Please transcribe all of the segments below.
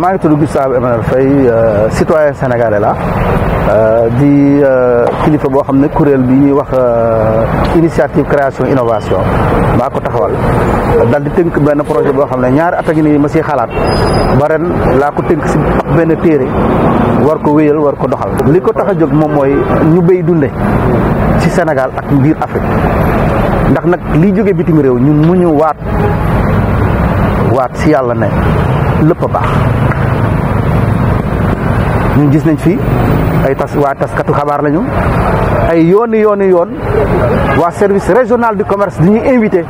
maa tu tudd Gustave Emmanuel Faye euh, citoyen sénégalais la euh, di euh, kilifa boo xam ne kuréel bi ñuy wax initiative création innovation maa ko taxawal dal di tënk benn projet boo xam ne ñaari at a ngi nii ma siy xalaat ba ren laa ko tënk si benn téere war ko wéyal war ko doxal li ko tax a jóg ñu béy dunde ci Sénégal ak biir Afrique ndax nag li jóge bitim réew ñun mu ñu waat waat si yàlla ne lépp baax ñu gis nañ fi ay tas waa taskatu xabaar lañu ay yooni yooni yoon waa service régional du commerce di ñu invité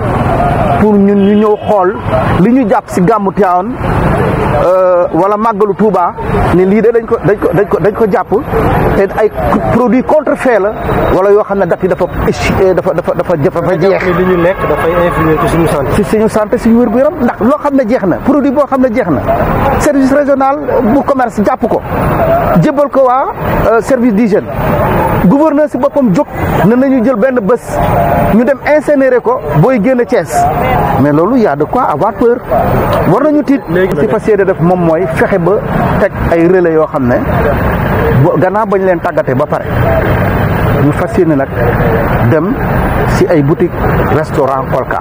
pour ñun ñu ñëw xool li ñu jàpp si gàmmu Tivaouane euh, wala màggalu Touba ni lii de dañ ko dañ ko dañ ko dañ ko jàpp te ay produit contrefait la wala yoo xam ne date yi dafa eh, dafa dafa dafa dafa jeex. li ñu lekk dafay influer ci suñu santé. ci suñu santé suñu wér bu yaram ndax loo xam ne jeex na produit boo xam ne jeex na service régional bu commerce jàpp ko jébbal ko waa. Euh, service d'hygiène gouverneur si bopam djok ne nañu jël ben bés ñu dem incinéré ko chaises. mais lolu y de quoi avoir peur war nañu tit ci def ba ay relais yo xamné gana bañ leen tagaté ba ñu dem si ay boutique restaurant kolka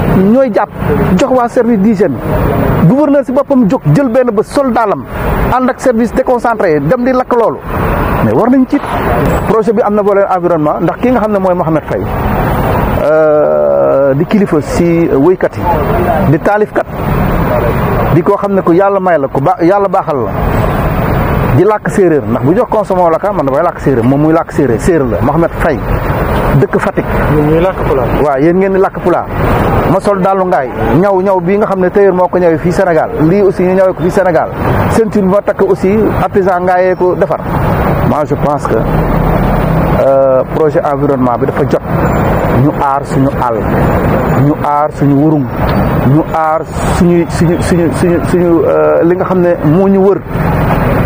ñooy jàpp jox waa service d'hygiène gouverneur si boppam jóg jël benn ba soldaalam ànd ak service déconcentré dem di lakk loolu mais war nañ ci projet bi am na volet environnement ndax ki nga xam ne mooy Mohamed Faye euh, di kilifa si wéykat yi di taalifkat di koo xam ne ku yàlla may la ko ba yàlla baaxal la di làkk séeréer ndax bu jox consommé laka man damay làkk séeréer moom muy làkk séeréer séeréer la Mohamed fay dëkk Fatick. ñuy làkk pulaar. waaw yéen ngeen di làkk pulaar ma sol daalu ngaay ñaw ñaw bii nga xam ne tailleur moo ko ñawee fii Sénégal lii aussi ñu ñawee ko fii Sénégal ceinture bi takk aussi artisan ngaayee ko defar moi je pense que euh, projet environnement bi dafa jot ñu aar suñu àll ñu aar suñu wurum ñu aar suñu suñu suñu suñu suñu euh, li nga xam ne moo ñu wër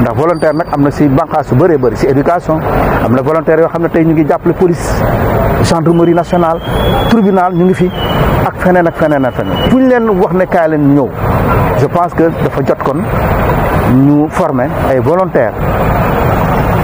ndax volontaire nag am na si bànqaas yu bëree bëri si éducation am na volontaire yoo xam ne tey ñu ngi jàppale police gendarmerie nationale tribunal ñu ngi fi ak feneen ak feneen ak feneen. fu ñu leen wax ne kaay leen ñëw je pense que dafa jot kon ñu former ay volontaire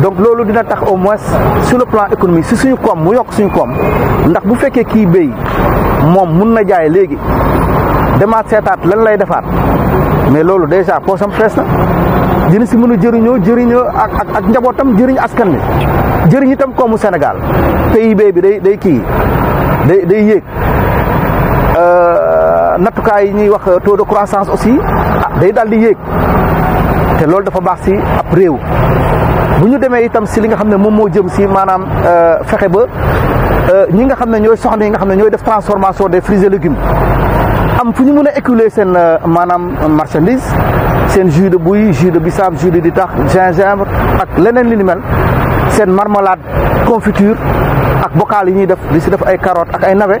donc donc dina tax au moins sur le plan économique si suñu kom mu yok suñu kom ndax bu qui ki béy mom qui na jaay légui dama lan lay mais déjà na dina si mën a jëriñoo ak ak ak njabootam askan ni jëriñ itam ont Sénégal PIB bi day day ki day day euh, wax taux de croissance aussi ah, day te loolu dafa baax si ab réew bu ñu demee itam si li nga xamné mom mo jëm si euh fexé ba euh, ñi nga xamné ñoy soxna yi nga xamné ñoy def transformation des fruits et légumes am fu ñu mën a écouler seen euh, maanaam marchandise sen jus de bouillie jus de bissap jus de ditax gingembre ak leneen li ni mel sen marmelade confiture ak bokal yi ñuy def di ci def ay carottes ak ay navet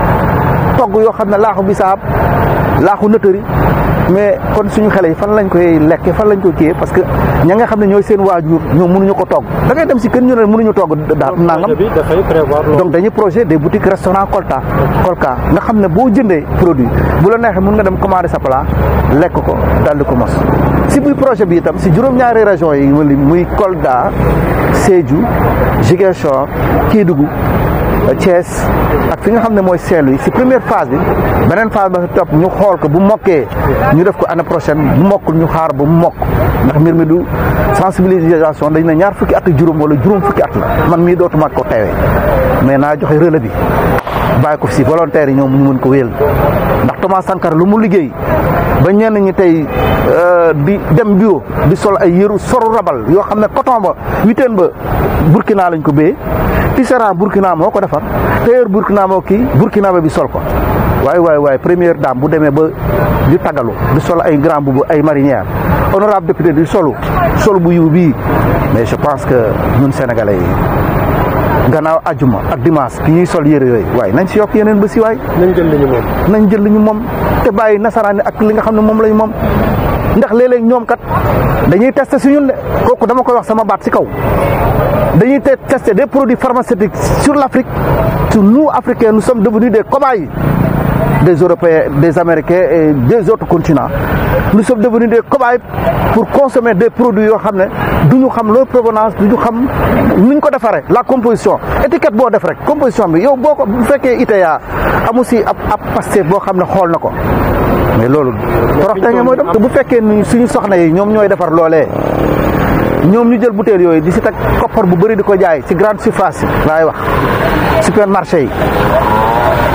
La yoo xam ne mais kon suñu xale yi fan lañ parce que ña nga xam ne seen waajur ñoom mënuñu ko togg da dem si kër ñu mënuñu togg donc projet des boutiques restaurant Colta, Colca, nga xam ne boo produit bu la si bu projet bi si juróom-ñaari région yi muy Thiès ak fi nga xam ne mooy saint si première phase bi beneen phase ba topp ñu xool ko bu mokkee ñu def ko année prochaine bu mokkul ñu xaar bu mu mokk ndax mbir mi du sensibilisation dañ ne ñaar fukki at ak juróom wala juróom fukki at man mii dootuma ko teewee mais naa joxe relais bi bàyyi ko si volontaire yi ñoom ñu mën ko wéyal ndax Thomas Sankara lu mu liggéey ba ñenn ñi tey euh, di dem bio di sol ay yëru soru rabal yoo xam ne coton ba witeen ba Burkina lañ ko béyee tisera burkina moo ko defar tailleur burkina moo kii burkina bi sol ko waay waay Premier première dame bu demee ba di tagalu di sol ay grand bubu ay marinière honorable député di solu sol bu yiw bii mais je pense que ñun sénégalais yi gannaaw ajuma ak dimanche ki ñuy sol yére yooyu waay nañ si yokk yeneen ba si waay nañ jël li nañ jël te ak li nga lañ ndax léeg-léeg kat dañuy dama koy wax sama baat kaw dañuy des produits pharmaceutiques sur l'Afrique sur nous Africains nous sommes devenus des cobayes des Européens, des Américains et des autres continents. Nous sommes devenus des cobayes pour consommer des produits yoo nous ne leur provenance du ñu xam ni faire ko la composition étiquette boo def rek composition bi yow boo ko bu fekkee ITA amu si ab passer. Pastef ne Mais mais c'est ça. nga mooy dem bu fekkee ni suñu soxna yi ñoom ñooy defar loolee ñoom ñu jël bouteille yooyu di si teg koppar bu bëri di grande surface supermarché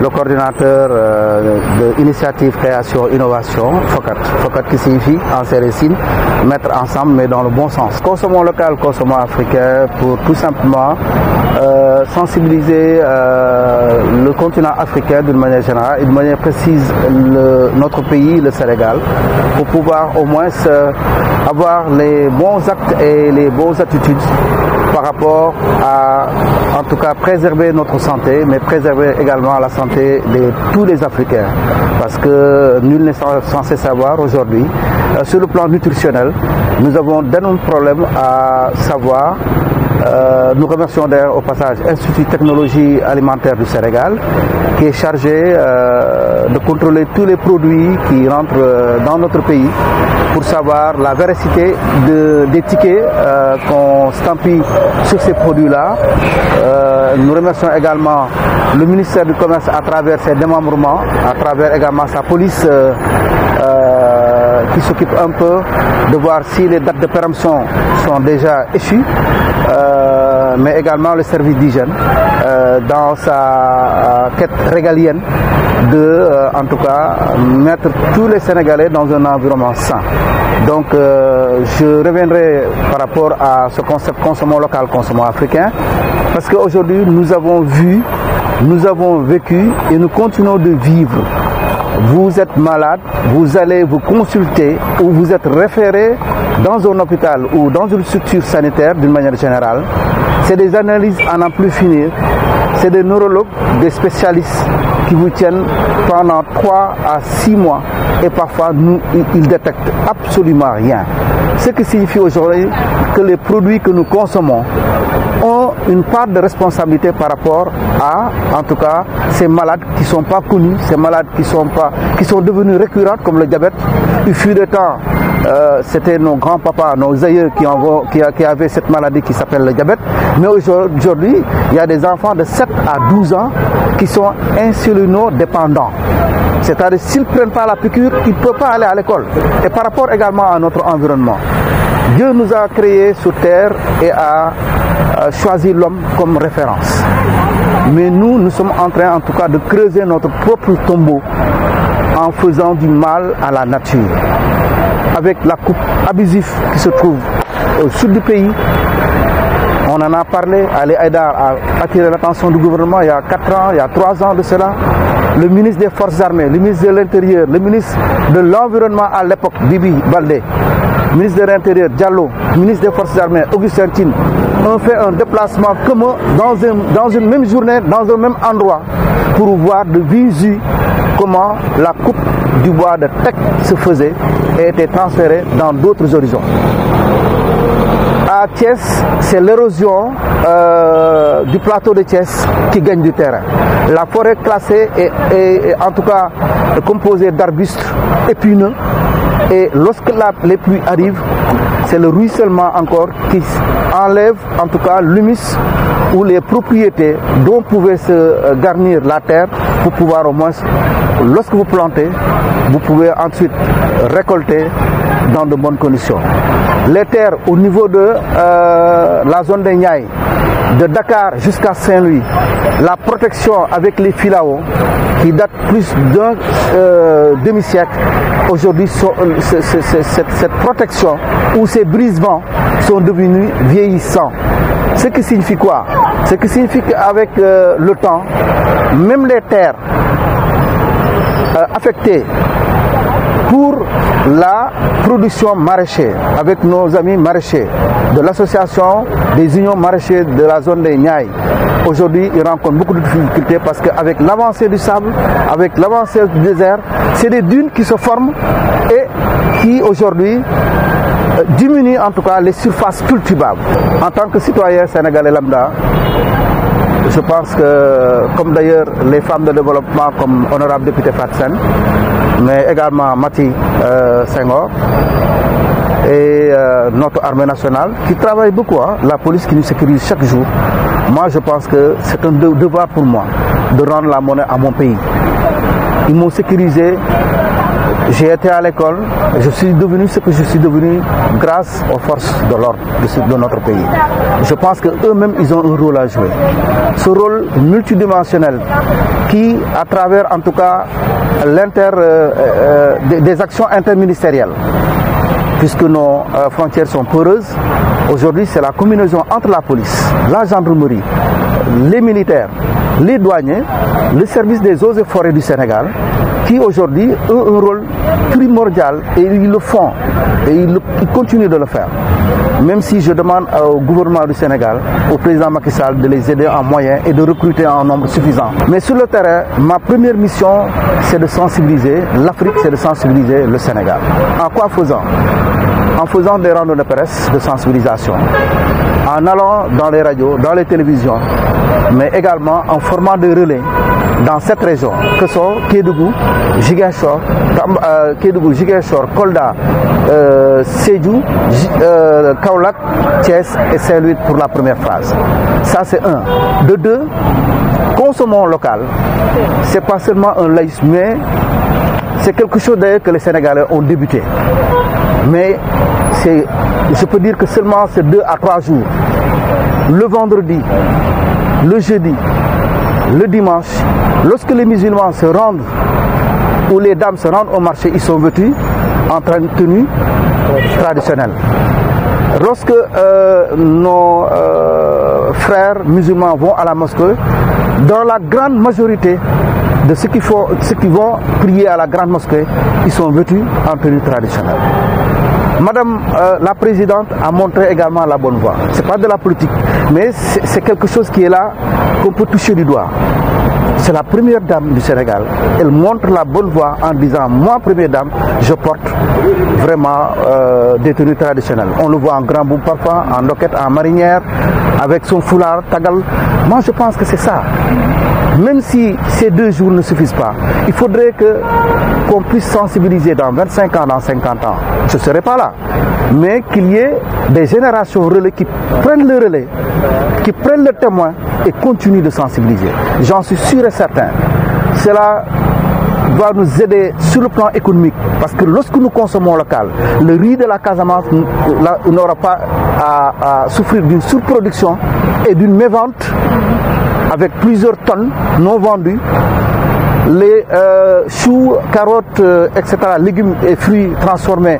le coordinateur euh, de l'initiative création innovation, FOCAT. FOCAT qui signifie en récits, mettre ensemble mais dans le bon sens. Consommons local, consommons africain pour tout simplement euh, sensibiliser euh, le continent africain d'une manière générale et de manière précise notre pays, le Sénégal, pour pouvoir au moins avoir les bons actes et les bonnes attitudes par rapport à, en tout cas, préserver notre santé, mais préserver également la santé de tous les Africains. Parce que nul n'est censé savoir aujourd'hui, euh, sur le plan nutritionnel, nous avons d'énormes problèmes à savoir euh, nous remercions d'ailleurs au passage l'Institut de technologie alimentaire du Sénégal qui est chargé euh, de contrôler tous les produits qui rentrent dans notre pays pour savoir la véracité des tickets qu'on stampille sur ces produits-là. Euh, nous remercions également le ministère du Commerce à travers ses démembrements, à travers également sa police. Euh, euh, euh, qui s'occupe un peu de voir si les dates de péremption sont déjà échues, euh, mais également le service d'hygiène euh, dans sa quête régalienne de, en tout cas, mettre tous les Sénégalais dans un environnement sain. Donc, je reviendrai par rapport à ce concept consommant local, consommant africain, parce qu'aujourd'hui, nous avons vu, nous avons vécu et nous continuons de vivre vous êtes malade, vous allez vous consulter ou vous êtes référé dans un hôpital ou dans une structure sanitaire d'une manière générale. C'est des analyses à n'en plus finir. C'est des neurologues, des spécialistes qui vous tiennent pendant 3 à 6 mois et parfois nous, ils détectent absolument rien. Ce qui signifie aujourd'hui que les produits que nous consommons ont une part de responsabilité par rapport à, en tout cas, ces malades qui ne sont pas connus, ces malades qui sont, pas, qui sont devenus récurrents comme le diabète. Il fut des temps, euh, c'était nos grands-papas, nos aïeux qui, qui, qui, avaient cette maladie qui s'appelle le diabète. Mais aujourd'hui, il y a des enfants de 7 à 12 ans qui sont insulino-dépendants. C'est-à-dire s'ils ne prennent pas la piqûre, ils ne peuvent pas aller à l'école. Et par rapport également à notre environnement. Dieu nous a créés sur terre et a euh, choisir l'homme comme référence. Mais nous, nous sommes en train en tout cas de creuser notre propre tombeau en faisant du mal à la nature. Avec la coupe abusive qui se trouve au sud du pays, on en a parlé, Ali Haïdar a attiré l'attention du gouvernement il y a 4 ans, il y a 3 ans de cela. Le ministre des Forces armées, le ministre de l'Intérieur, le ministre de l'Environnement à l'époque, Bibi Baldé, ministre de l'Intérieur Diallo, ministre des Forces armées Augustin Tine, ont fait un déplacement commun dans une, dans une même journée, dans un même endroit, pour voir de visu comment la coupe du bois de Tech se faisait et était transférée dans d'autres horizons. À Thiès, c'est l'érosion euh, du plateau de Thiès qui gagne du terrain. La forêt classée est, est en tout cas composée d'arbustes épineux et lorsque les pluies arrivent, c'est le ruissellement encore qui enlève en tout cas l'humus ou les propriétés dont pouvait se euh, garnir la terre pour pouvoir au moins, lorsque vous plantez, vous pouvez ensuite récolter dans de bonnes conditions. Les terres au niveau de euh, la zone des Nyaïs de Dakar jusqu'à Saint-Louis, la protection avec les filao qui date plus d'un euh, demi-siècle, aujourd'hui euh, cette protection ou ces brisements sont devenus vieillissants. Ce qui signifie quoi Ce qui signifie qu'avec euh, le temps, même les terres affectées pour la production maraîchère avec nos amis maraîchers de l'association des unions maraîchers de la zone des Niaï. Aujourd'hui, ils rencontrent beaucoup de difficultés parce qu'avec l'avancée du sable, avec l'avancée du désert, c'est des dunes qui se forment et qui aujourd'hui euh, diminuent en tout cas les surfaces cultivables. En tant que citoyen sénégalais lambda, je pense que, comme d'ailleurs les femmes de développement, comme honorable député Fatsen, mais également Mati euh, Senghor et euh, notre armée nationale qui travaille beaucoup, hein. la police qui nous sécurise chaque jour. Moi, je pense que c'est un devoir pour moi de rendre la monnaie à mon pays. Ils m'ont sécurisé j'ai été à l'école, je suis devenu ce que je suis devenu grâce aux forces de l'ordre de, notre pays. Je pense qu'eux-mêmes, ils ont un rôle à jouer. Ce rôle multidimensionnel qui, à travers en tout cas euh, euh, des, actions interministérielles, puisque nos euh, frontières sont poreuses. Aujourd'hui, c'est la combinaison entre la police, la gendarmerie, les militaires, les douaniers, le service des eaux et forêts du Sénégal, qui aujourd'hui ont un rôle primordial et ils le font et ils, continuent de le faire. Même si je demande au gouvernement du Sénégal, au président Macky Sall de les aider en moyens et de recruter en nombre suffisant. Mais sur le terrain, ma première mission, c'est de sensibiliser l'Afrique, c'est de sensibiliser le Sénégal. En quoi faisant En faisant des rendez-vous de presse de sensibilisation, en allant dans les radios, dans les télévisions, mais également en formant des relais dans cette région, que sont Kédougou, Jigashor, euh, Kédougou, Kolda, euh, euh Kaolak, Thiès et Saint-Louis pour la première phase. Ça, c'est un. De deux, consommons local. C'est pas seulement un laïc mais c'est quelque chose d'ailleurs que les Sénégalais ont débuté. Mais je peux dire que seulement ces deux à trois jours. Le vendredi, le jeudi, le dimanche, lorsque les musulmans se rendent ou les dames se rendent au marché, ils sont vêtus en tenue traditionnelle. Lorsque euh, nos euh, frères musulmans vont à la mosquée, dans la grande majorité de ceux qui, ceux qui vont prier à la grande mosquée, ils sont vêtus en tenue traditionnelle. Madame euh, la Présidente a montré également la bonne voie. Ce n'est pas de la politique, mais c'est quelque chose qui est là, qu'on peut toucher du doigt. C'est la première dame du Sénégal. Elle montre la bonne voie en disant, moi, première dame, je porte vraiment euh, des tenues traditionnelles. On le voit en grand boum parfois, en loquette, en marinière, avec son foulard, tagal. Moi, je pense que c'est ça même si ces deux jours ne suffisent pas, il faudrait que qu'on puisse sensibiliser dans 25 ans, dans 50 ans. Je ne serai pas là. Mais qu'il y ait des générations relais qui prennent le relais, qui prennent le témoin et continuent de sensibiliser. J'en suis sûr et certain. Cela va nous aider sur le plan économique. Parce que lorsque nous consommons local, le riz de la Casamance n'aura pas à, à souffrir d'une surproduction et d'une mévente avec plusieurs tonnes non vendues. Les euh, choux, carottes, euh, etc., légumes et fruits transformés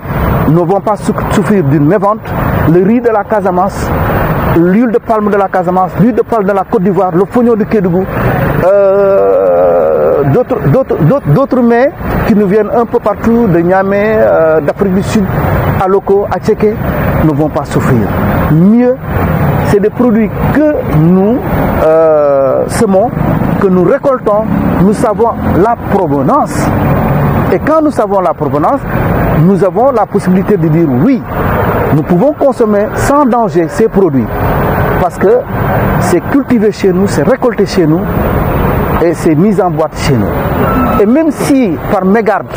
ne vont pas souffrir d'une mévente. Le riz de la Casamance, l'huile de palme de la Casamance, l'huile de palme de la Côte d'Ivoire, le pognon du Kédougou, euh, d'autres mets qui nous viennent un peu partout, de Niamey, d'Afrique du Sud, à Loco, à Tchéké, ne vont pas souffrir. Mieux, c'est des produits que nous semons, que nous récoltons, nous savons la provenance. Et quand nous savons la provenance, nous avons la possibilité de dire oui, nous pouvons consommer sans danger ces produits. Parce que c'est cultivé chez nous, c'est récolté chez nous et c'est mis en boîte chez nous. Et même si par mégarde,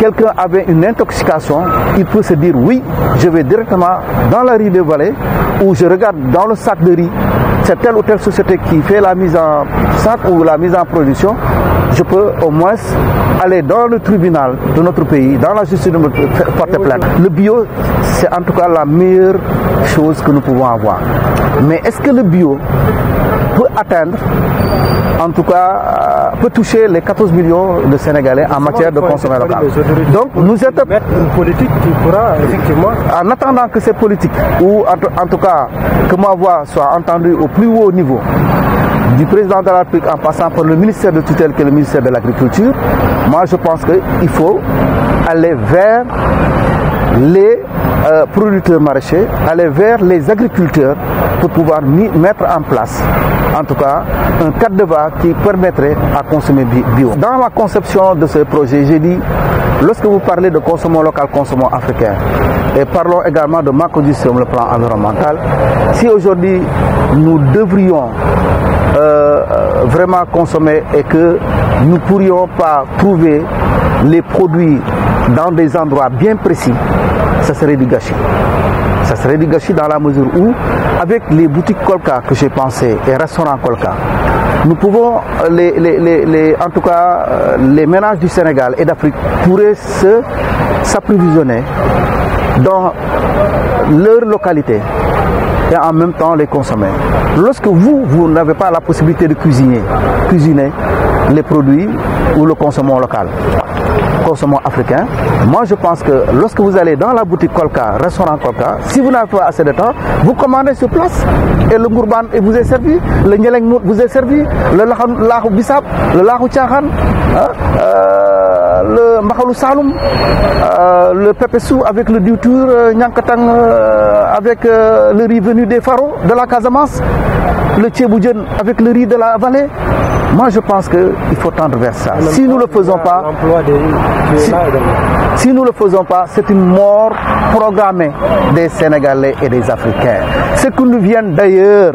quelqu'un avait une intoxication, il peut se dire oui, je vais directement dans la rue des vallées ou je regarde dans le sac de riz c'est telle ou telle société qui fait la mise en sac ou la mise en production, je peux au moins aller dans le tribunal de notre pays, dans la justice de notre porte plainte. Le bio, c'est en tout cas la meilleure chose que nous pouvons avoir. Mais est-ce que le bio peut atteindre, en tout cas, euh, peut toucher les 14 millions de Sénégalais en matière de consommation locale. Donc nous êtes... une politique qui pourra effectivement... En attendant que ces politiques, ou en tout cas que ma voix soit entendue au plus haut niveau, du président de la République en passant par le ministère de tutelle qui le ministère de l'Agriculture, moi je pense qu'il faut aller vers les euh, producteurs maraîchers, aller vers les agriculteurs pour pouvoir mettre en place, en tout cas, un cadre de base qui permettrait à consommer bio. Dans ma conception de ce projet, j'ai dit Lorsque vous parlez de consommation local, consommation africain, et parlons également de condition sur le plan environnemental, si aujourd'hui nous devrions euh, euh, vraiment consommer et que nous ne pourrions pas trouver les produits dans des endroits bien précis, ça serait du gâchis. Ça serait du gâchis dans la mesure où, avec les boutiques Colca que j'ai pensées et restaurants Colca, nous pouvons, les, les, en tout cas, euh, les ménages du Sénégal et d'Afrique pourraient s'approvisionner dans leur localité et en même temps les consommer. Lorsque vous, vous n'avez pas la possibilité de cuisiner, cuisiner les produits ou le consommant local, consommant africain. Moi, je pense que lorsque vous allez dans la boutique Colca, restaurant Colca, si vous n'avez pas assez de temps, vous commandez sur place et le gourban vous est servi, le nyeleng vous est servi, le lahou Bisap, le lahou tchahan, hein, euh, le Mahalou saloum, euh, le Sou avec le Dutour euh, euh, avec euh, le riz venu des pharaons de la Casamance, le tchéboudjen avec le riz de la vallée. Moi, je pense qu'il faut tendre vers ça. Si nous ne le faisons pas, si, nous le faisons pas, c'est une mort programmée des Sénégalais et des Africains. Ceux qui nous viennent d'ailleurs,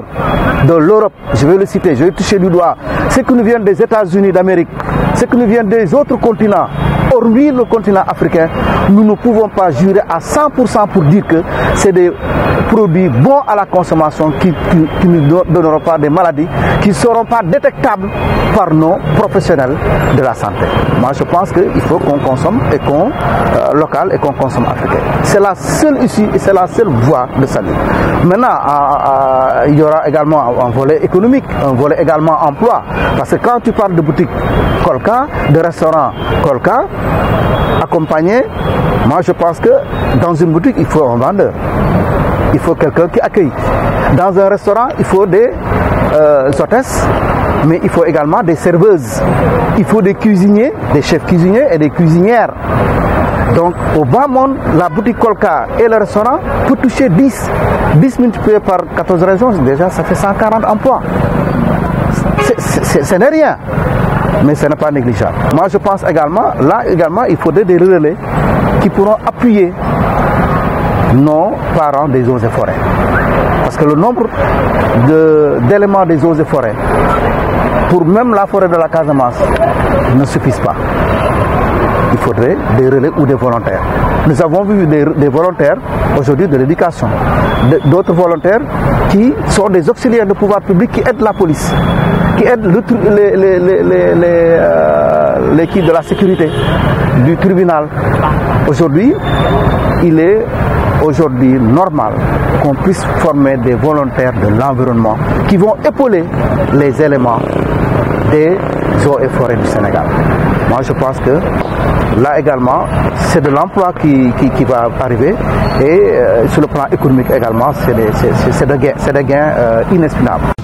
de l'Europe, je vais le citer, je vais toucher du doigt, ceux qui nous viennent des États-Unis d'Amérique, ceux qui nous viennent des autres continents, Hormis le continent africain, nous ne pouvons pas jurer à 100% pour dire que c'est des produits bons à la consommation qui, ne donneront pas des maladies qui ne seront pas détectables par nos professionnels de la santé. Moi, je pense qu'il faut qu'on consomme et qu'on euh, local et qu'on consomme africain. C'est la seule issue et c'est la seule voie de salut. Maintenant, il y aura également un volet économique, un volet également emploi. Parce que quand tu parles de boutiques, Colca, de restaurants, Colca, accompagné. moi je pense que dans une boutique, il faut un vendeur. Il faut quelqu'un qui accueille. Dans un restaurant, il faut des euh, hôtesses, mais il faut également des serveuses. Il faut des cuisiniers, des chefs cuisiniers et des cuisinières. Donc au bas monde, la boutique Colca et le restaurant pour toucher 10. 10 multipliés par 14 régions, déjà ça fait 140 emplois. Ce n'est rien mais ce n'est pas négligeable. Moi, je pense également, là également, il faudrait des relais qui pourront appuyer nos parents des eaux et forêts. Parce que le nombre d'éléments des eaux et forêts, pour même la forêt de la Casamance, ne suffisent pas. Il faudrait des relais ou des volontaires. Nous avons vu des, des volontaires aujourd'hui de l'éducation, d'autres volontaires qui sont des auxiliaires de pouvoir public qui aident la police qui aide les, l'équipe euh, de la sécurité du tribunal. Aujourd'hui, il est aujourd'hui normal qu'on puisse former des volontaires de l'environnement qui vont épauler les éléments des eaux et forêts du Sénégal. Moi, je pense que là également, c'est de l'emploi qui, qui, va arriver et euh, sur le plan économique également, c'est des, c'est, c'est des gains, c'est euh,